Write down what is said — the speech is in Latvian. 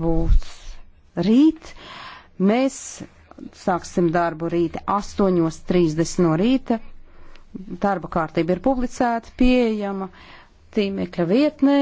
būs rīt. Mēs sāksim darbu rīti 8.30 no rīta. Darba kārtība ir publicēta, pieejama tīmekļa vietnē